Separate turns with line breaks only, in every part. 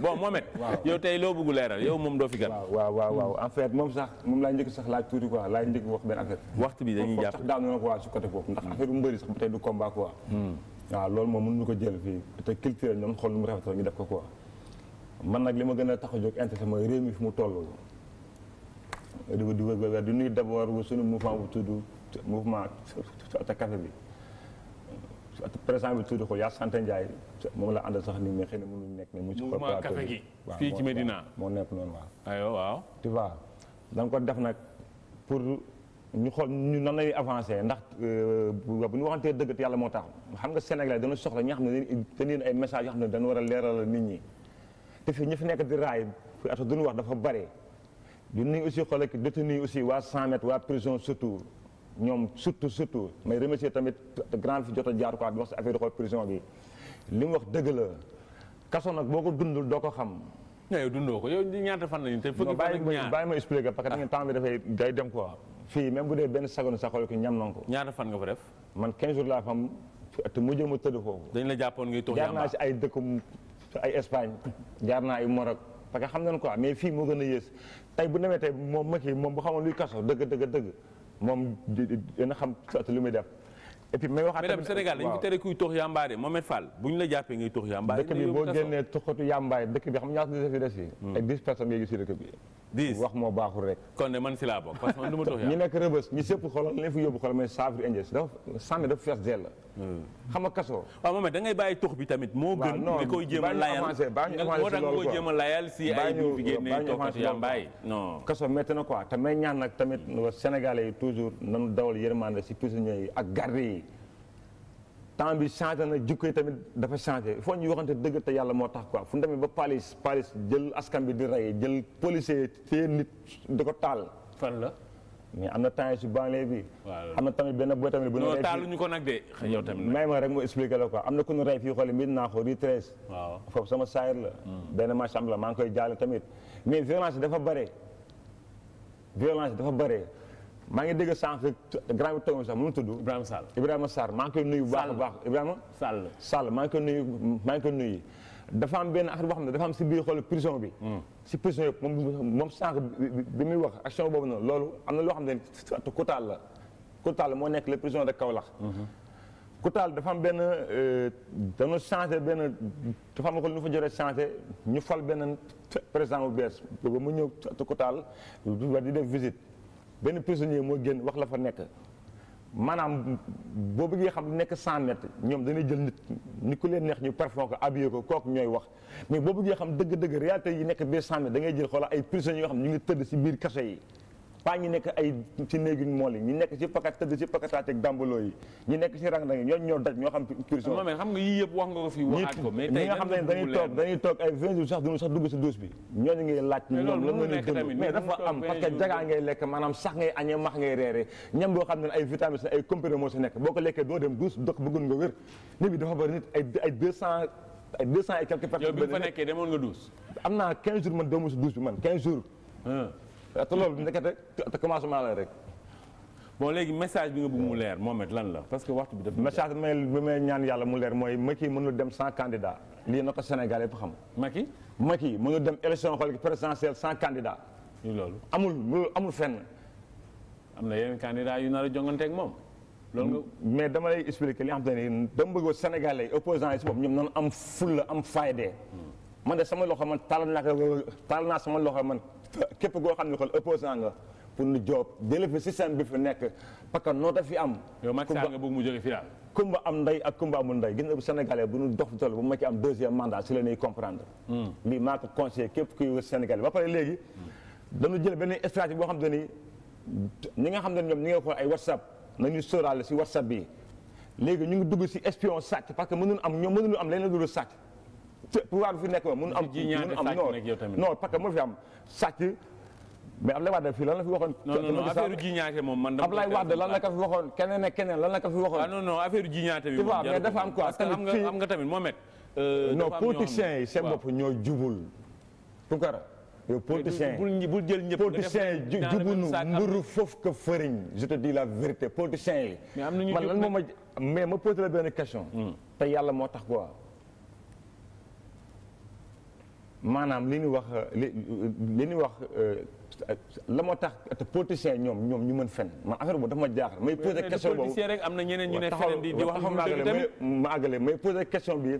bon Mohamed yow tey loo bëgg leeral yow moom doo fi gan
waaw waaw waaw en fait moom sax moom laay njëkk sax laaj tuuti quoi laay njëkk wax benn affaire waxtu bi dañuy jàpp sax daanu na ko waa si côté boobu ndax affaire bu tey du combat quoi waaw loolu moom mënuñu ko jël fii te culture ñoom xool nu mu rafetal ñu def ko quoi man nag li ma gën a tax a jóg intérêt mooy réew mi fi mu toll di di wër di nuy d'abord suñu mouvement bu tudd mouvement ca café bi président bi tuuti ko yaa sant Ndiaye moom la àndal sax nii mais xëy na mënuñu nekk nii. mu ci coopérative mouvement café gi moo nekk noonu waaw. aywa waaw. tu ko def nag pour ñu xool ñu nan lay avancer ndax euh, bu ñu waxantee dëgg te yàlla moo tax xam nga Sénégalais dana soxla ñi nga xam ne dañu ay messages yoo xam ne dañu war a leeral nit ñi te fii ñu fi nekk di raay fi at duñu wax dafa bare. dinañ aussi xool ak détenu aussi waa 100 mètres waa prison surtout. ñoom surtout surtout may remercier tamit grand fi jot a jaar quoi di wax si affaire xool prison bi li mu wax dëgg la kaso nag boo ko dundul doo ko xam.
Eh, yow dundoo ko yow ñaata fan fan ak ñaar bàyyi ma expliquer parce que da ngeen
fii sa xool ki ñam nañ ko. ñaata fan nga fa def. man 15 jours laa fam te mujjee mu tëdd foofu. dañ la jàppoon ay dëkk ay Espagne jaar naa ay parce que xam nañ quoi mais fii moo gën a yées tey bu demee tey moom ma kii moom bu xamoon luy kaso dëgg dëgg dëgg. moom dina xam sotti li muy def. et puis may wax tamit Sénégal dañu fi
tere kuy tox yàmbaare Mohamed Fall bu ñu la jàppee ngay tox yàmbaare. dëkk bi boo génnee toxatu yàmbaare
dëkk bi xam ñaata des fi des yi. Hmm. ak dix personnes ngay gis si dëkk bi. dix wax moo baaxul rek.
kon de man si laa bokk parce que man
du sëpp xoolal li fi yóbbu xoolal mais saafara indies dafa sànni dafa fees dell.
Hmm. xam nga kasoo. waaw moom ma dangay bàyyi tox bi tamit. moo gën nga koy jéem a layal baa ñu avancé baa ñu si ay bi fi génnee toxatu yàmbaay non
kasoo métti na ko te may ñaan nag tamit Sénégalais yi toujours nanu dawal yërmande si prisonniers yi ak garde yi temps bi changé na jikko tamit dafa changé il faut ñu waxante dëgg te yàlla moo tax ko fu ñu ba Paris Paris jël askan bi di rey jël policier téye nit di ko taal. fan la. mais am na temps yi si banlieue bi. am na tamit benn booy tamit. bu ñu rey taaluñu
ko nag de. yow tamit
may ma rek mu expliqué la quoi am na ku ñu rey fii xool mbir naa ko rue foofu sama saayir la. Hmm. benn match am la maa ngi koy jaale tamit mais violence dafa bare. violence dafa bare. maa ngi dégg sànq grand bi toog sax mënu tudd Ibrahima Sall Ibrahima Sall maa ngi koy nuyu bu baax a baax Ibrahima Sall Sall maa ngi koy nuyu maa ngi koy nuyu dafa am benn affaire boo xam ne dafa si biir xool prison bi hmm. si prison yëpp moom moom bi muy wax action boobu noonu loolu am na loo xam ne Koutal la Koutal moo nekk le prison de Kaolack hmm. Koutal dafa am benn euh, dañoo changé benn dafa nu fa joree changé ñu fal benn président bu bees ba mu ñëw Koutal war di def visite benn prisonnier moo génn wax la fa nekk maanaam boo bëggee xam lu nekk 100 ñoom dañuy jël nit ni ku leen neex ñu parfum ko habillé ko kooku ñooy wax mais boo bëggee xam dëgg-dëgg réalité yi nekk ba 100 mètres da ngay jël xoolal ay prisonniers yoo xam ñu ngi tëdd si biir kaso yi. pas ngi nekk ay ci néeguñ mool yi nekk ci rang-rang yi ñoo daj ñoo xam prison xam
nga yii yëpp wax nga ko fi waxaat ko mais tey nga xam ne dañuy toog dañuy
toog ay vingt jours dugg si douche bi ñooñu ngay laaj nga
nga douche
am naa quinze jours man doomu bi man quinze jours
ah. te loolu ndekete te commencement la rek. bon léegi message bi nga bëgg mu leer Mohamed lan la parce que waxtu bi def message bi
may ñaan yàlla mu leer mooy Macky mënul dem sans candidat lii na ko Sénégal yëpp xam. Macky Macky mënul dem élection xool présidentielle sans candidat. loolu amul loolu amul fenn. am na yeneen candidat yu nar a jonganteeg moom. loolu mais dama lay expliquer li nga xam te ne dama bëgg Sénégalais opposants yi si bopp ñoom noonu am fulla am fayde hmm. man de sama loxo man taal naa taal naa sama loxo man képp koo xam ne kon opposant nga pour nu joob jëlee fi système bi fi nekk parce que noota fi am. yow Macky Sall
mu jóge fi daal.
kumba am ndey ak kumba amul ndey gis nga Sénégalais bu ñu dox tool bu ma ci am deuxième mandat si la ñuy comprendre. Hmm. lii maa ko conseillé képp kuy Sénégalais ba pare léegi. dañu jël benn stratégie boo xam te ni ñi nga xam ne ñoom ñi nga xool ay whatsapp nañu sóoraale si whatsapp bi léegi ñu ngi dugg si espion sàcc parce que mënuñu am ñoom mënuñu am leneen lu dul sàcc. pouvoir bi fi nekk moom mun am. mun am non fi am sàcc. mais Ablaye Wade fii la
fi moom man. dama Ablaye lan la ko fi waxoon keneen ak keneen lan la ko fi waxoon. ah non moom mais dafa am quoi am nga tamit moo met. Euh, non politiciens yi seen bopp
ñoo jubul. Tounkara yow politiciens yi bul jël ñëpp politiciens yi jubunu mburu foofu que fëriñ je te la vérité politiciens yi. mais
am ñu man lan moo ma
mais ma posé la question. Hmm. te yàlla moo tax quoi. maanaam li ñu wax li li ñu wax euh, la moo tax te politiciens ñoom ñoom ñu mën fen man affaire boobu dafa ma jaaxal. may poser question boobu rek am na ñeneen ñu ne feneen di wax ma àggale may poser bi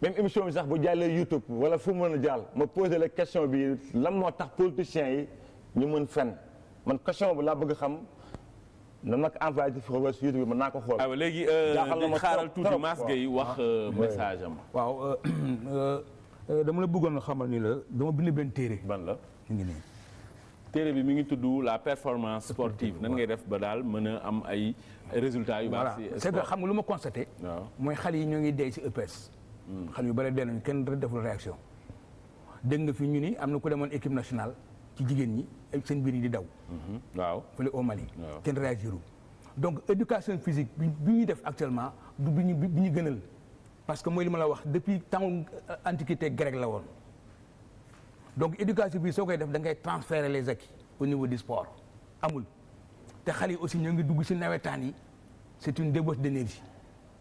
même émission bi sax bu jàllee YouTube wala fu mu mën a jàll ma poser la question bi lan moo tax politiciens yi ñu mën fen man question bu laa bëgg xam. na nag envoyé ci foofu si YouTube bi mën naa ko xool. Ah, waaw léegi euh,
xaaral tuuti Mass Gueye wax euh, message am. Euh, dama la bëggoon xamal nii la dama bind benn téere. ban la mu ngi nii.
téere bi mu ngi tudd la performance sportive nan ngay def ba daal mën a am ay résultat yu baax. voilà c'est que xam
nga lu ma constaté. mooy xale yi ñoo ngi dee si EPS. Hmm. xale yu bëri dee nañu kenn deful réaction. dégg nga fi ñu ni am na ku demoon équipe nationale ci jigéen ñi seen biir yi di daw. Hmm. waaw fële au Mali. kenn réagirul donc éducation physique bi ñu def actuellement du bi ñu bi ñu parce que mooy li ma la wax depuis temps antiquité grecque la woon donc éducation bi soo koy def da ngay transférer les acquis au niveau du sport amul te xale yi aussi ñoo ngi dugg si nawetaan yi c'est une débauche d'énergie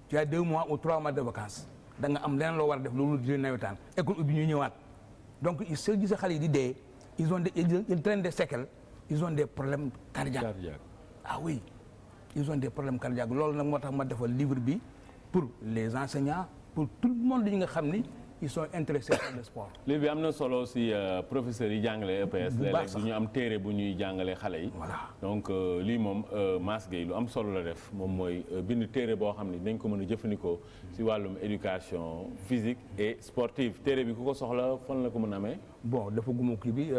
tu as deux mois ou trois mois de vacances da nga am leneen loo war a def loolu di nawetaan école ubbi ñu ñëwaat donc soo gisee xale yi di dee ils ont des ils traînent des séquelles des problèmes cardiaques ah oui ils ont des problèmes cardiaques loolu nag moo tax ma defal livre bi pour les enseignants pour tout le monde yi nga xam ni
ils bi am na solo aussi euh, professeurs yi jàngale EPS. léeg-léeg ñu am téere bu ñuy jàngale xale yi. donc euh, lii moom euh, Mass Gueye lu am solo la def moom mooy bind téere boo xam ne dañ ko mën a jëfandikoo si wàllum éducation physique et sportive téere bi ku ko soxla fan la
ko mën a amee. bon dafa gumu kii bi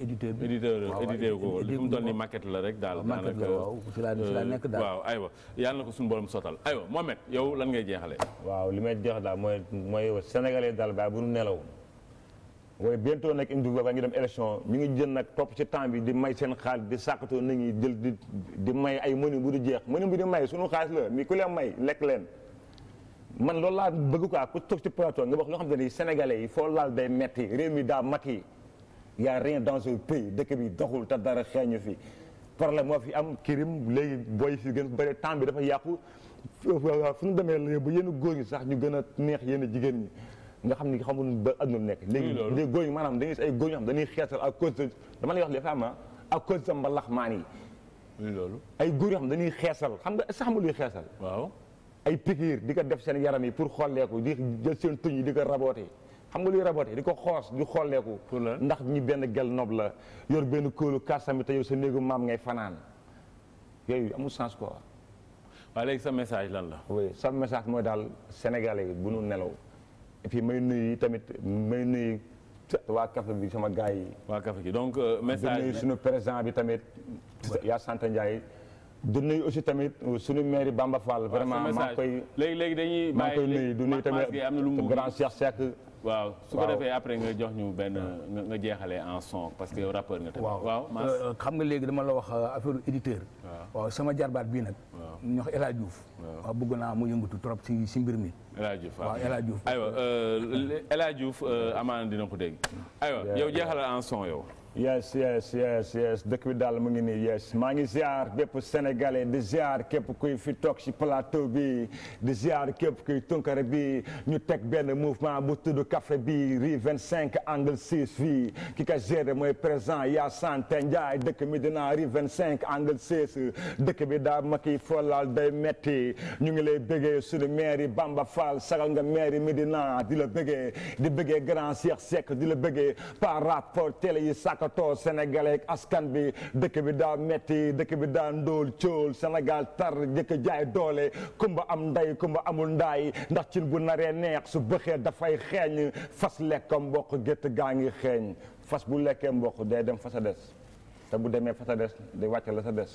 éditeur bi. éditeur éditeur ko li mu doon ni maquette
la rek daal. maquette la waaw ci la ci la nekk daal waaw aywa yàlla na ko suñu borom sottal aywa Mohamed yow lan ngay jeexale
waaw li may jeex Sénégal bu nu nelaw waaye bientôt nag indi booba ngi dem élection ñu ngi jël nag topp ci temps bi di may seen xaalis di sàkkatoo nit ñi jël di di may ay mënu bu di jeex mënu bu di may suñu xaalis la ku leen may lekk leen man loolu laa bëgg quoi ku toog ci plateau nga wax loo xam ne ni sénégalais foo laal day metti réew mi daa mat yi y a dëkk bi doxul te dara xeeñu fi problème moo fi am kirim léegi booy fi gën bëri temps bi dafa yàqu fu ñu demee la bu yenn góor ñi sax ñu gën a neex yenn jigéen ñi nga xam ni xamul ba adduna nekk léegi léegi góor ñi maanaam dañuy ay góor ñoo xam dañuy xeetal à cause de dama lay wax les femmes à cause mbalax maan yi loolu ay góor yoo xam dañuy xeesal xam nga sax ma luy xeesal waaw ay piqûre di ko def seen yaram yi pour xolleeku di jël seen tuñ yi di ko raboote xam nga luy raboote di ko xoos di xolleeku ndax ñi benn gel nob la yor benn kóolu karsami te yow sa néegu maam ngay fanaan yooyu amul sens ko waaw léegi sa message lan la oui sa message mooy daal sénégalais bu nu nelaw et puis may nuyu tamit may nuyu waa Kaffrine bi sama gars yi. waa
Kaffrine euh, bi donc message di nuyu suñu
président bi tamit. ya sant Ndiaye. di nuyu aussi tamit suñu maire Bamba faal vraiment maa ngi koy
léegi léegi dañuy bàyyi maa ngi koy nuyu di nuyu tamit grand Cheikh Seck. waaw su ko defee après nga jox ñu benn nga jeexale en son parce que yow rappeur nga tamit. waaw euh,
euh, xam nga léegi dama la wax euh, affaire éditeur. waaw sama jarbaat bii nag. waaw ñu wax El Hadj bëgg naa mu yëngatu trop si si mbir mi.
El Hadj Diouf waaw El Hadj aywa El Hadj dina ko dégg. aywa yow jeexalal en son yow.
yes yes yes yes dëkk bi daal mu ngi nii yes maa ngi ziar bépp sénégalais di ziar képp kuy fi toog ci plateau bi di ziar képp kuy tunkare bi ñu teg benn mouvement bu tudd Kaffrine bi ri rue cinq angle 6 fii ki ka géré mooy président Yassane Ndiaye dëkk mi dina rue cinq angle 6 dëkk bi daa mak kii foolal day metti ñu ngi lay bëggee suñu maire Bamba Fall sagal nga maire Medina di la bëggee di bëggee grand Cheikh Seck di la bëggee par rapport télé yi sàkk tàqatoo sénégalais ak askan bi dëkk bi daa metti dëkk bi daa ndóol cóol senegal tar jëkk jaay doole kumba am nday kumba amul ndaay ndax cin bu naree neex su bëxee dafay xeeñ fas lekk mboq gétt gaa ngi xeeñ fas bu lekkee mboq day dem fa sa des te bu demee fa sa des day wàcc la sa des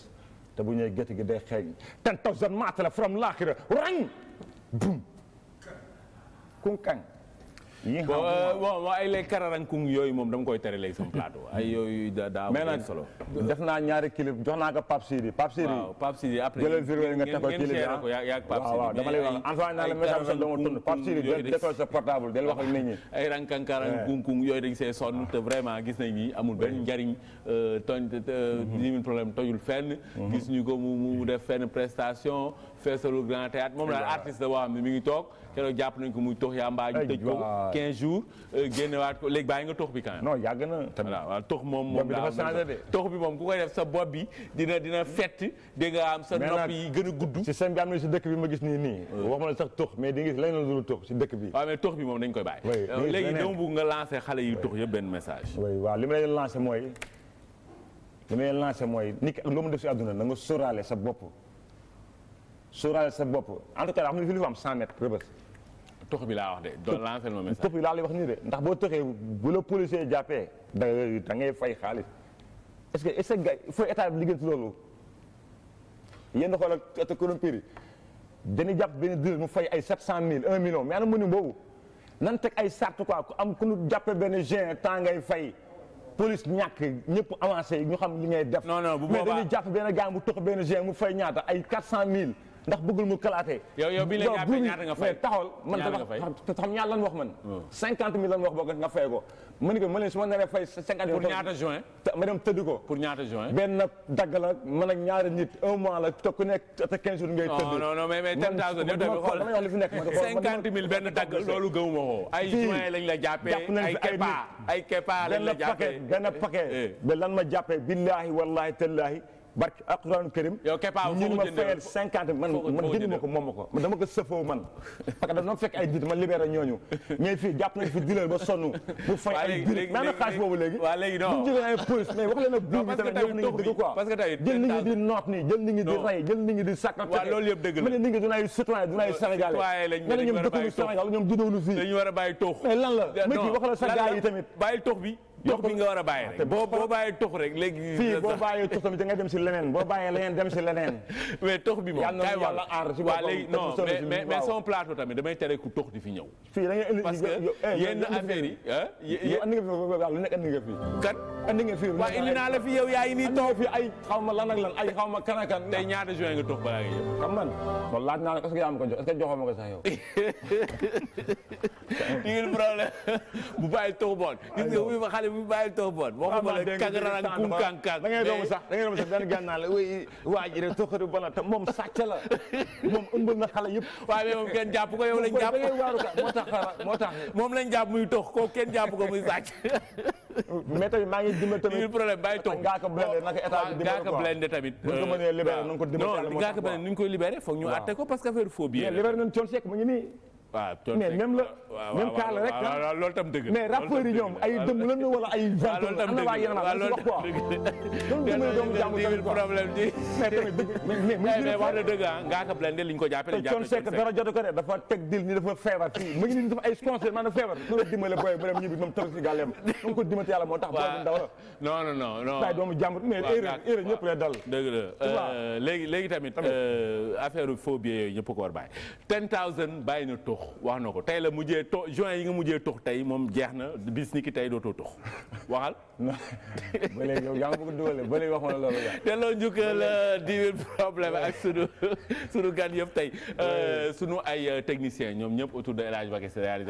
te bu ñëwee gétt gi day xeeñ ten thousand maata la from laaxira rang bum kunkañ
bon ay les kararankung yooyu moom dama koy tere léegi plateau ay yooyu daa mais solo def naa ñaari clip jox
naa ko Pape Sidi Pape
Sidi après bi ah. yaa yaa Pape Sidi waaw dama lay wax envoyé naa la message sax dama tund Pape Sidi yooyu dañ see sonn te vraiment gis nañ ni amul benn njariñ euh, mhm. tojul fenn mhm. gis ñu ko mu mu def fenn prestation feesalu grand théâtre moom mi ngi toog keroog jàpp nañ ko muy tox yaa mbaa ñu tëj ko 15 jours euh, bi quand même non yàgg bi moom ku koy def sa bopp bi dina dina fett di nga am sa nopp yi
gën a gudd si seen bi am na si dëkk bi ma gis nii nii wax ma la sax tox mais di nga gis leneen lu dul tox si dëkk bi
waaw mais tox bi moom dañ koy bàyyi
euh, léegi dama
bëgg nga lancé xale yi tox yëpp benn message
waaw li ma leen lancé mooy li mooy nit ki ak loo mu def si àdduna na nga sa bopp sóoraale sa bopp en tout cas xam fi lu fa am 100 mètres rëbës
tux bi laa wax de doon
lancer ma message tux bi laa lay wax nii de ndax boo tëxee bu la policier jàppee da da ngay fay xaalis est-ce que est-ce que il bi liggéey ci loolu yéen a xoolal te corrompir yi dañuy jàpp benn dealer mu fay ay 700000 1 million mais ana mu ni boobu nan teg ay sart quoi ku am ku ñu jàppee benn juin temps ngay fay police ñàkk ñëpp avancé ñu xam li ngay def. non non bu boobaa mais dañuy jàpp benn gars mu tux benn gin mu fay ñaata ay 400000. ndax bëggul mu kalaatee. yow yow bi la ñaata nga fay man te wax man. 50 hmm. mille wax boog nga fay ko. ma ne ko ma leen su ma naree fay 50
pour ma dem tëdd ko. pour ñaata juin
benn nit un mois la te ku nekk te 15 jours ngay tëdd. non non mais mais ten
benn dagg loolu gëmuma ko. ay juin la jàppee ay kepa ay kepa lañ la jàppee benn paquet benn paquet.
Eh. lan ma jàppee barke alxuraanu karim man man jënduma ko moom
ma dama ko sëfoo man
parce que dama fekk ay nit ma libéré ñooñu ñooy fii jàpp nañ fi dileel ba sonn bu fay ay biir naa na
xaalis boobu léegi waaw léegi
di noot nii jël nit di rey jël nit di sàkk waaw loolu yëpp dëgg la ma ñoom dëkkuñu Sénégal
ñoom lan la magi wax la tamit tux bi nga war a bàyyi rek ah, boo boo bàyyi tux rek léegi.
si leneen boo bàyyi leneen dem si leneen. mais tux bi moom kay wax yàlla aar si boppam léegi non
mais mais fi ñëw.
fii da ngay indi parce que eh, yenn affaire yi. la fi yow yaa ngi nii toog fi ay xaw ma lan ak lan
ay xaw ma kan tey ñaata juin nga tux balaa nga
la est ko jox
li ngeen problème bu bàyyi tox bon gis nga wuy ma xale bu bàyyi tox bon moo ko mën a kangaraan kum kankaan da ngay doom sax da ngay doom sax benn gànnaa la
wéy waa ji rek toxari bon te moom sàcc la moom ëmbal na xale yëpp waaw mais moom kenn
jàpp ko yow lañ jàpp waaru ka moo tax moo tax moom lañ jàpp muy tox ko kenn jàpp ko muy sàcc mais tamit maa ngi dimbali tamit ngir problème bàyyi toog Ngaaka Blindé naka état bi dimbali Ngaaka Blindé tamit bu ñu ko euh, mënee libéré nañ ko dimbali non Ngaaka Blindé ni ñu koy libéré foog ñu àtte ko parce que affaire faux bi libéré nañ Thione Seck mu ngi nii waaw mais même la rek ah loolu tam dëgg mais rappeurs yi ñoom ay dëmm la
ñu wala ay vingt ans am na waa yeneen wax quoi
doon dimbali doomu jàmbur tamit problème bi
mais tamit eh, ah ngaa ka
blende li ñu ko jàppee Thione Seck dara
jotu ko de dafa teg dil ni dafa feebar fii mu ngi ni dafa ay sponsor maanaam feebar nu la dimbale booy mu ko dimbali yàlla moo tax booy bu ndaw la
non non non non saa doomu
jàmbur ñëpp lay dal
dëgg la euh, léegi léegi tamit euh, affaire faux billets yooyu ñëpp ko war bàyyi ten thousand bàyyi na toog tux wax na ko tey la mujje to juin yi nga mujjee tux tey moom jeex na bis ni ki tey dootoo tux waxal.
ba léegi yow yaa ngi bëgg a dugal ba léegi wax ma loolu la.
te loolu njukkal diwil problème ak sunu sunu gan yëpp tey euh, sunu ay euh, technicien ñoom ñëpp autour de El Hadj Bakay